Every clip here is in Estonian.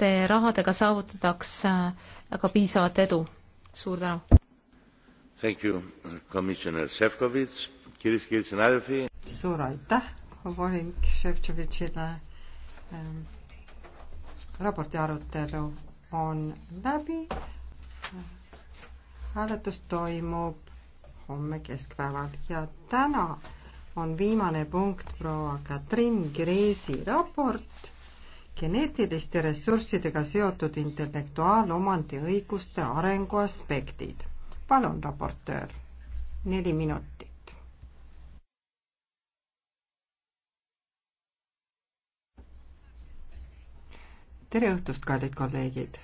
nende rahadega saavutatakse ka piisavat edu. suur tänu! suur aitäh volinik Šefčovitšile. Ehm, raporti arutelu on läbi. hääletus toimub homme keskpäeval ja täna on viimane punkt proua Katrin Kreesi raport geneetiliste ressurssidega seotud intellektuaalomandi õiguste arengu aspektid. palun, raportöör, neli minutit. tere õhtust, kallid kolleegid!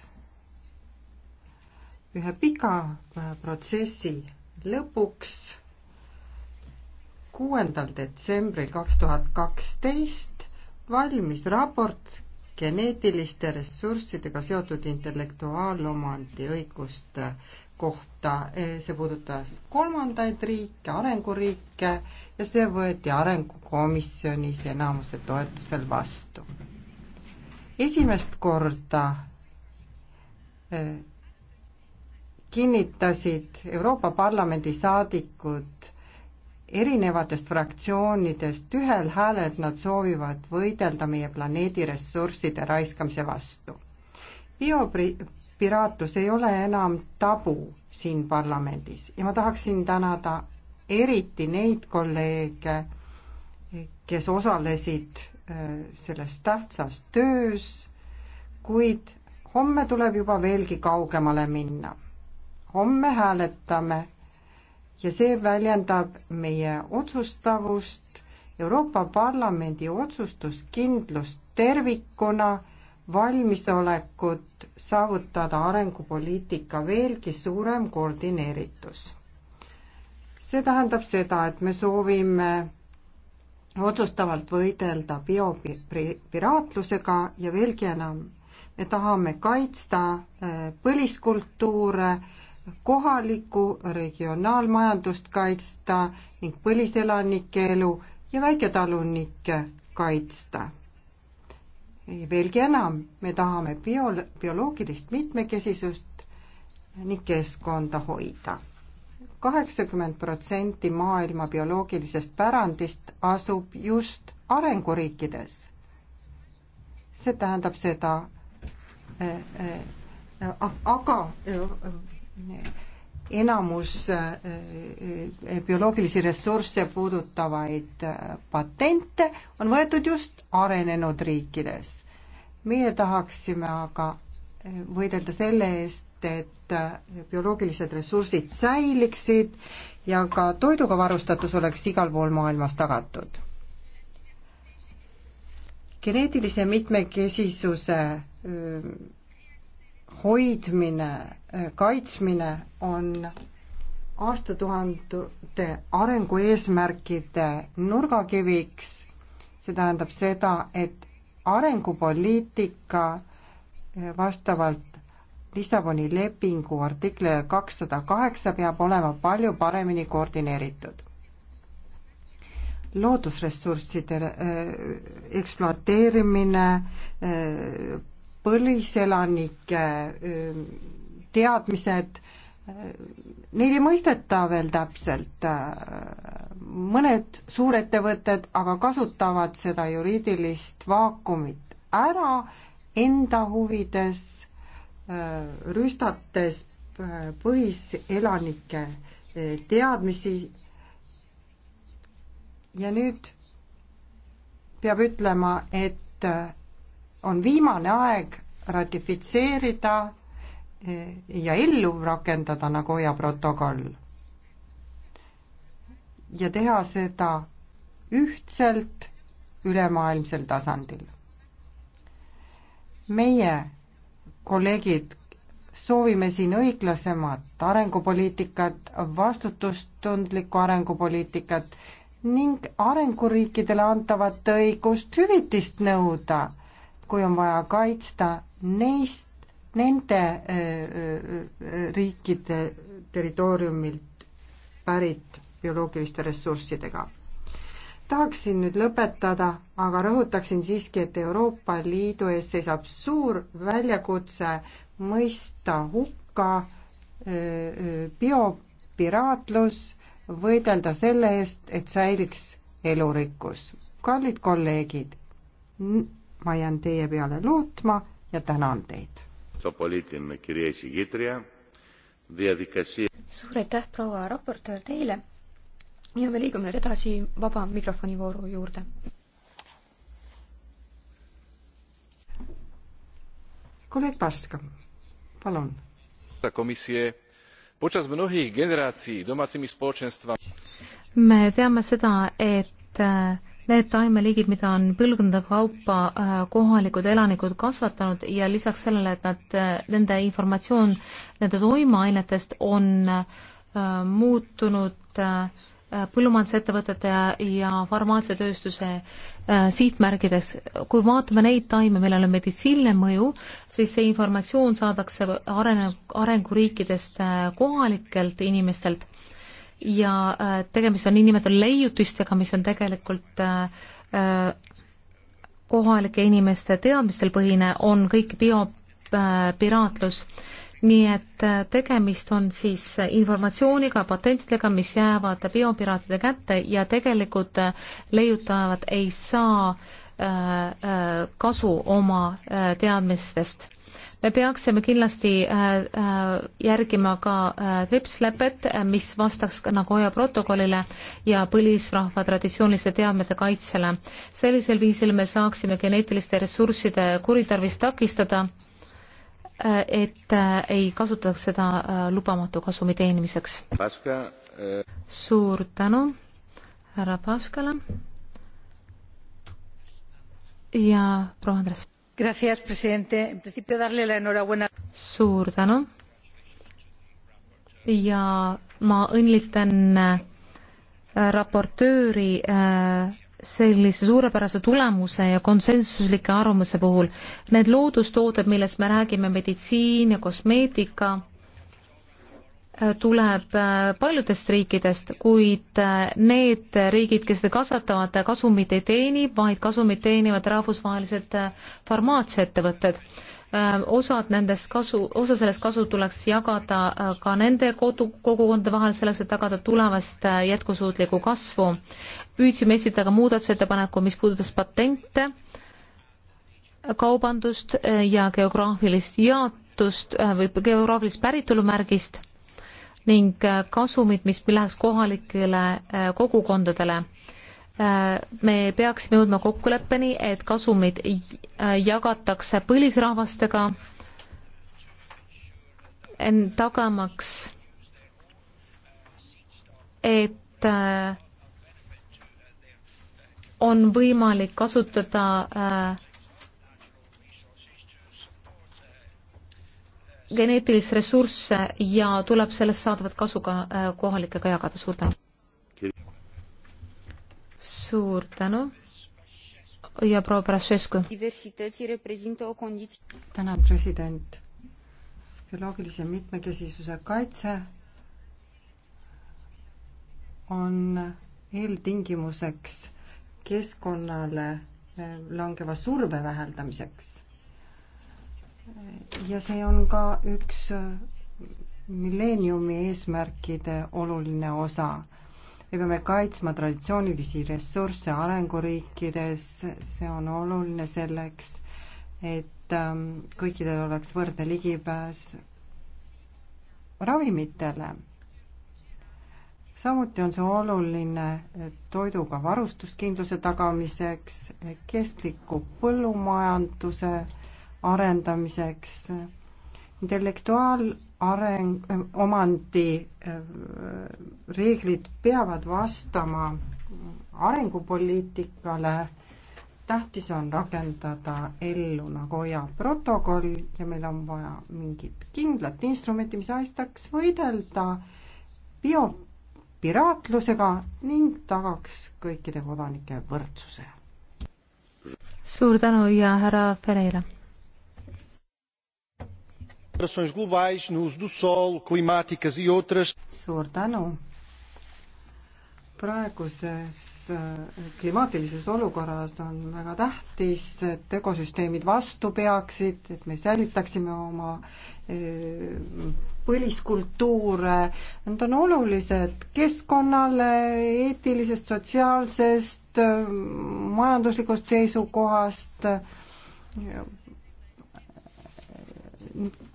ühe pika äh, protsessi lõpuks kuuendal detsembril kaks tuhat kaksteist valmis raport geneetiliste ressurssidega seotud intellektuaalomandi õiguste kohta, see puudutas kolmandaid riike, arenguriike ja see võeti Arengukomisjonis enamuse toetusel vastu. esimest korda eh, kinnitasid Euroopa Parlamendi saadikud erinevatest fraktsioonidest ühel häälel, et nad soovivad võidelda meie planeedi ressursside raiskamise vastu. biopiraatlus ei ole enam tabu siin parlamendis ja ma tahaksin tänada eriti neid kolleege, kes osalesid äh, selles tähtsas töös, kuid homme tuleb juba veelgi kaugemale minna. homme hääletame ja see väljendab meie otsustavust, Euroopa Parlamendi otsustuskindlust tervikuna, valmisolekut saavutada arengupoliitika veelgi suurem koordineeritus. see tähendab seda, et me soovime otsustavalt võidelda biopiraatlusega ja veelgi enam, me tahame kaitsta äh, põliskultuure, kohalikku regionaalmajandust kaitsta ning põliselanike elu ja väiketalunikke kaitsta. veelgi enam, me tahame bio, bioloogilist mitmekesisust ning keskkonda hoida. kaheksakümmend protsenti maailma bioloogilisest pärandist asub just arenguriikides. see tähendab seda, eh, eh, aga eh, enamus äh, äh, bioloogilisi ressursse puudutavaid äh, patente on võetud just arenenud riikides. meie tahaksime aga võidelda selle eest, et bioloogilised ressursid säiliksid ja ka toiduga varustatus oleks igal pool maailmas tagatud. geneetilise mitmekesisuse hoidmine, äh, kaitsmine on aastatuhandete arengueesmärkide nurgakiviks. see tähendab seda, et arengupoliitika äh, vastavalt Lissaboni lepingu artiklile kakssada kaheksa peab olema palju paremini koordineeritud loodusressursside äh, ekspluateerimine, põliselanike teadmised, neid ei mõisteta veel täpselt. mõned suurettevõtted aga kasutavad seda juriidilist vaakumit ära enda huvides, rüstates põhiselanike teadmisi. ja nüüd peab ütlema, et on viimane aeg ratifitseerida eh, ja ellu rakendada Nagoya protokoll. ja teha seda ühtselt ülemaailmsel tasandil. meie kolleegid soovime siin õiglasemat arengupoliitikat, vastutustundlikku arengupoliitikat ning arenguriikidele antavat õigust hüvitist nõuda kui on vaja kaitsta neist, nende äh, äh, äh, riikide territooriumilt pärit bioloogiliste ressurssidega. tahaksin nüüd lõpetada, aga rõhutaksin siiski, et Euroopa Liidu ees seisab suur väljakutse mõista hukka biopiraatlus, võidelda selle eest, et säiliks elurikkus. kallid kolleegid, ma jään teie peale lootma ja tänan teid. suur aitäh, proua raportöör teile ja me liigume nüüd edasi vaba mikrofoni vooru juurde. kolleeg Paska, palun. komisje počas mnohých generácií domácimi spoločenstvami. me teame seda, et Need taimeliigid, mida on põlvkondade kaupa äh, kohalikud elanikud kasvatanud ja lisaks sellele, et nad, äh, nende informatsioon nende toimeainetest on äh, muutunud põllumajandusettevõtete ja, ja farmaatsiatööstuse äh, sihtmärgides, kui vaatame neid taime, millel on meditsiiniline mõju, siis see informatsioon saadakse arene-, arenguriikidest äh, kohalikelt inimestelt ja äh, tegemist on niinimetatud leiutistega, mis on tegelikult äh, äh, kohalike inimeste teadmistel põhine, on kõik biopiraatlus. nii et tegemist on siis informatsiooniga, patentidega, mis jäävad biopiraatide kätte ja tegelikult leiutajad ei saa kasu oma teadmistest me peaksime kindlasti äh, äh, järgima ka äh, tripslepet, mis vastaks ka Nagoya protokollile ja põlisrahva traditsiooniliste teadmete kaitsele. sellisel viisil me saaksime geneetiliste ressursside kuritarvist takistada, et ei kasutataks seda lubamatu kasumi teenimiseks. suur tänu härra Paskale ja proua Andres señor presidente en principio darle la enhorabuena. suur tänu ja ma õnnitlen äh, raportööri äh, sellise suurepärase tulemuse ja konsensuslike arvamuse puhul. Need loodustooted, millest me räägime, meditsiin ja kosmeetika tuleb äh, paljudest riikidest, kuid äh, need riigid, kes seda kasvatavad, äh, kasumit ei teeni, vaid kasumit teenivad rahvusvahelised farmaatsiaettevõtted. osad nendest kasu, osa sellest kasu tuleks jagada ka nende kodu, kogukondade vahel selleks, et tagada tulevast jätkusuutlikku kasvu. püüdsime esitada ka muudatusettepaneku, mis puudutas patente, kaubandust ja geograafilist jaotust või geograafilist päritolumärgist ning äh, kasumid, mis läheks kohalikele äh, kogukondadele. Äh, me peaksime jõudma kokkuleppeni, et kasumid jagatakse põlisrahvastega, tagamaks, et on võimalik kasutada äh, geneetilisi ressursse ja tuleb sellest saadavat kasu ka äh, kohalikega jagada, suur tänu. suur tänu ja proua Brašescu. tänan, president. bioloogilise mitmekesisuse kaitse on eeltingimuseks keskkonnale langeva surve väheldamiseks ja see on ka üks äh, milleeniumi eesmärkide oluline osa. me peame kaitsma traditsioonilisi ressursse arenguriikides, see on oluline selleks, et ähm, kõikidel oleks võrdne ligipääs ravimitele. samuti on see oluline äh, toiduga varustuskindluse tagamiseks, äh, kestliku põllumajanduse arendamiseks. intellektuaalareng, omandi äh, reeglid peavad vastama arengupoliitikale, tähtis on rakendada ellu Nagoya protokoll ja meil on vaja mingit kindlat instrumenti, mis aitaks võidelda biopiraatlusega ning tagaks kõikide kodanike võrdsuse. suur tänu ja härra Pereira alterações globais no uso do solo, climáticas e outras. suur tänu. praeguses eh, klimaatilises olukorras on väga tähtis, et ökosüsteemid vastu peaksid, et me säilitaksime oma eh, põliskultuure, nad on olulised keskkonnale, eetilisest, sotsiaalsest, eh, majanduslikust seisukohast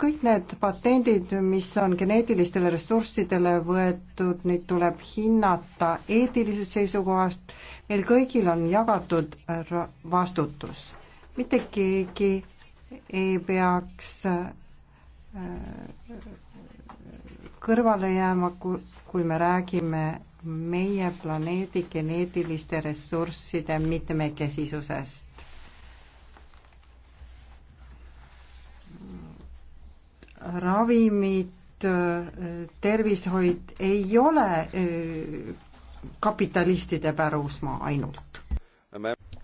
kõik need patendid, mis on geneetilistele ressurssidele võetud, neid tuleb hinnata eetilisest seisukohast, meil kõigil on jagatud vastutus. mitte keegi ei peaks äh, kõrvale jääma, kui me räägime meie planeedi geneetiliste ressursside mitmekesisusest ravimid, tervishoid ei ole äh, kapitalistide pärusmaa ainult.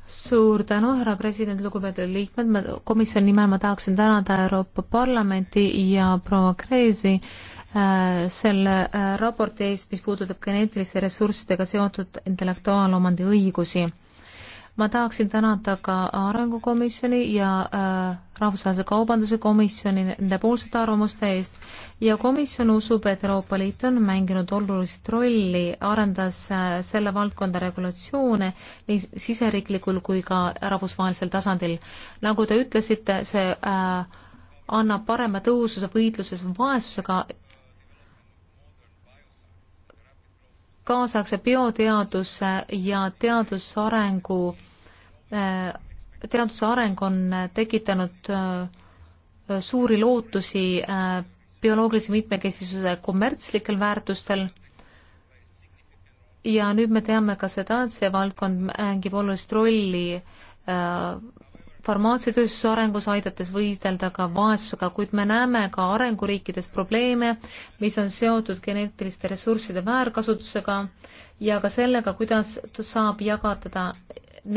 suur tänu, härra president, lugupeetud liikmed, ma komisjoni nimel ma tahaksin tänada Euroopa Parlamenti ja proua Kreesi äh, selle äh, raporti eest, mis puudutab geneetiliste ressurssidega seotud intellektuaalomandi õigusi ma tahaksin tänada ka Arengukomisjoni ja äh, Rahvusvahelise Kaubanduse Komisjoni nendepoolsete arvamuste eest ja komisjon usub, et Euroopa Liit on mänginud olulist rolli, arendas äh, selle valdkonda regulatsioone nii siseriiklikul kui ka rahvusvahelisel tasandil. nagu te ütlesite, see äh, annab parema tõhususe võitluses vaesusega kaasaegse bioteaduse ja teadusarengu, äh, teaduse areng on äh, tekitanud äh, suuri lootusi bioloogilise mitmekesisuse kommertslikel väärtustel ja nüüd me teame ka seda, et see valdkond mängib olulist rolli farmaatsiatööstuse arengus, aidates võidelda ka vaesusega, kuid me näeme ka arenguriikides probleeme, mis on seotud geneetiliste ressursside väärkasutusega ja ka sellega, kuidas saab jagada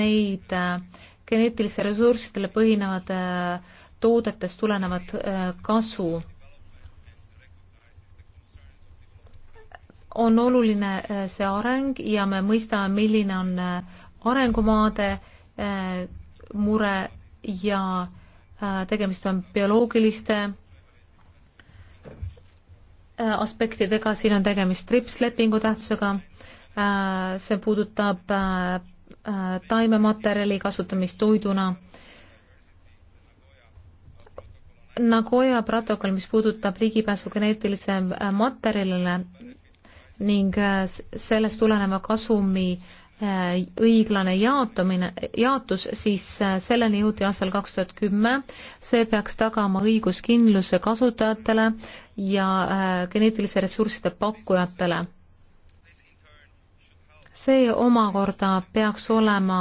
neid äh, geneetilistele ressurssidele põhinevad äh, toodetest tulenevat äh, kasu on oluline see areng ja me mõistame, milline on arengumaade mure ja äh, tegemist on bioloogiliste äh, aspektidega, siin on tegemist TRIPS lepingu tähtsusega, äh, see puudutab taimematerjali kasutamist toiduna. Nagoya protokoll, mis puudutab ligipääsu geneetilise materjalile ning sellest tuleneva kasumi äh, Äh, õiglane jaotumine, jaotus, siis äh, selleni jõuti aastal kaks tuhat kümme. see peaks tagama õiguskindluse kasutajatele ja äh, geneetilise ressursside pakkujatele. see omakorda peaks olema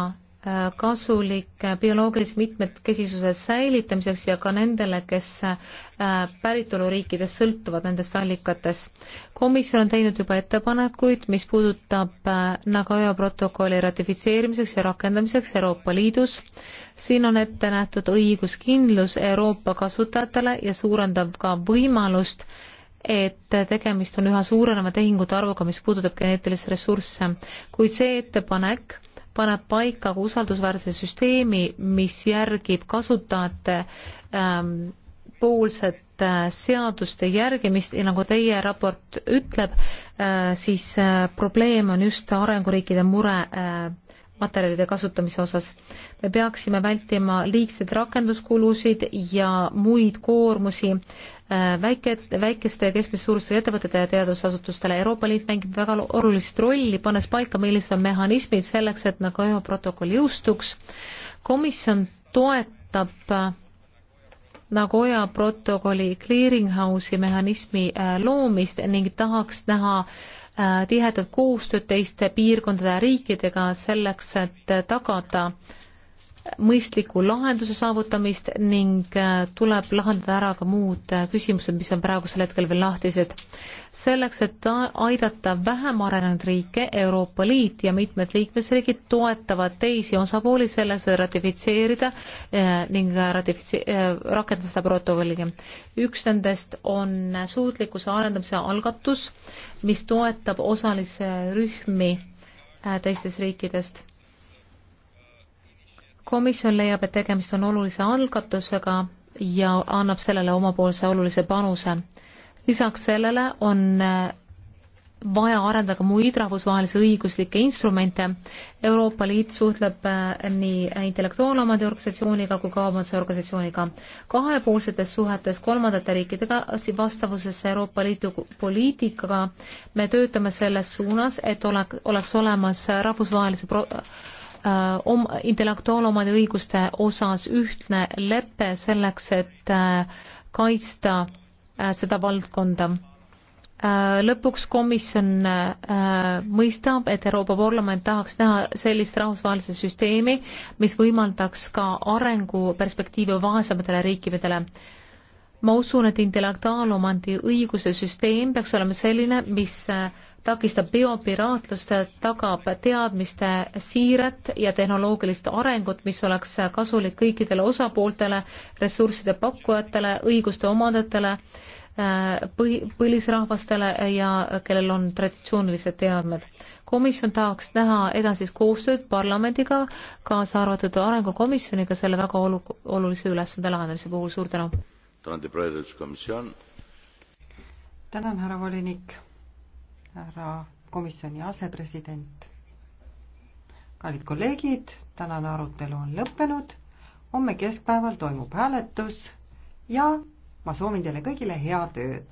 kasulik bioloogilise mitmekesisuse säilitamiseks ja ka nendele, kes äh, päritoluriikides sõltuvad nendest allikates. komisjon on teinud juba ettepanekuid, mis puudutab äh, Nagoya protokolli ratifitseerimiseks ja rakendamiseks Euroopa Liidus. siin on ette nähtud õiguskindlus Euroopa kasutajatele ja suurendab ka võimalust et tegemist on üha suureneva tehingute arvuga, mis puudutab geneetilisi ressursse, kuid see ettepanek äh, paneb paika ka usaldusväärse süsteemi, mis järgib kasutajate ähm, poolset äh, seaduste järgimist ja nagu teie raport ütleb äh,, siis äh, probleem on just arenguriikide mure äh, materjalide kasutamise osas. me peaksime vältima liigseid rakenduskulusid ja muid koormusi äh, väike, väikeste ja keskmise suurustega ettevõtete ja teadusasutustele. Euroopa Liit mängib väga olulist rolli, pannes paika, millised on mehhanismid selleks, et Nagoya protokoll jõustuks. komisjon toetab äh, Nagoya protokolli clearinghouse'i mehhanismi äh, loomist ning tahaks näha äh, Äh, tihedat koostööd teiste piirkondade ja riikidega selleks, et tagada äh, mõistliku lahenduse saavutamist ning äh, tuleb lahendada ära ka muud äh, küsimused, mis on praegusel hetkel veel lahtised. selleks, et aidata vähem arenenud riike, Euroopa Liit ja mitmed liikmesriigid toetavad teisi osapooli selles, et ratifitseerida äh, ning ratifitse-, rakendada seda protokolli. üks nendest on suutlikkuse arendamise algatus, mis toetab osalise rühmi teistest riikidest komisjon leiab, et tegemist on olulise algatusega ja annab sellele omapoolse olulise panuse. lisaks sellele on äh, vaja arendada muid rahvusvahelisi õiguslikke instrumente. Euroopa Liit suhtleb äh, nii intellektuaalomandi organisatsiooniga kui kaubanduse organisatsiooniga. kahepoolsetes suhetes kolmandate riikidega vastavuses Euroopa Liidu poliitikaga me töötame selles suunas, et oleks, oleks olemas rahvusvahelise pro-, Äh, om-, intellektuaalomandi õiguste osas ühtne lepe selleks, et äh, kaitsta äh, seda valdkonda. Lõpuks komisjon mõistab, et Euroopa Parlament tahaks näha sellist rahvusvahelise süsteemi, mis võimaldaks ka arenguperspektiivi vaesematele riikidele ma usun, et intellektuaalomandi õiguse süsteem peaks olema selline, mis takistab biopiraatlust, tagab teadmiste siiret ja tehnoloogilist arengut, mis oleks kasulik kõikidele osapooltele, ressursside pakkujatele, õiguste omandajatele, äh, põhi, põlisrahvastele ja kellel on traditsioonilised teadmed. komisjon tahaks näha edasist koostööd parlamendiga, kaasa arvatud Arengukomisjoniga selle väga olu-, olulise ülesande lahendamise puhul, suur tänu! tänan, härra volinik! härra komisjoni asepresident. kallid kolleegid, tänane arutelu on lõppenud. homme keskpäeval toimub hääletus ja ma soovin teile kõigile head ööd.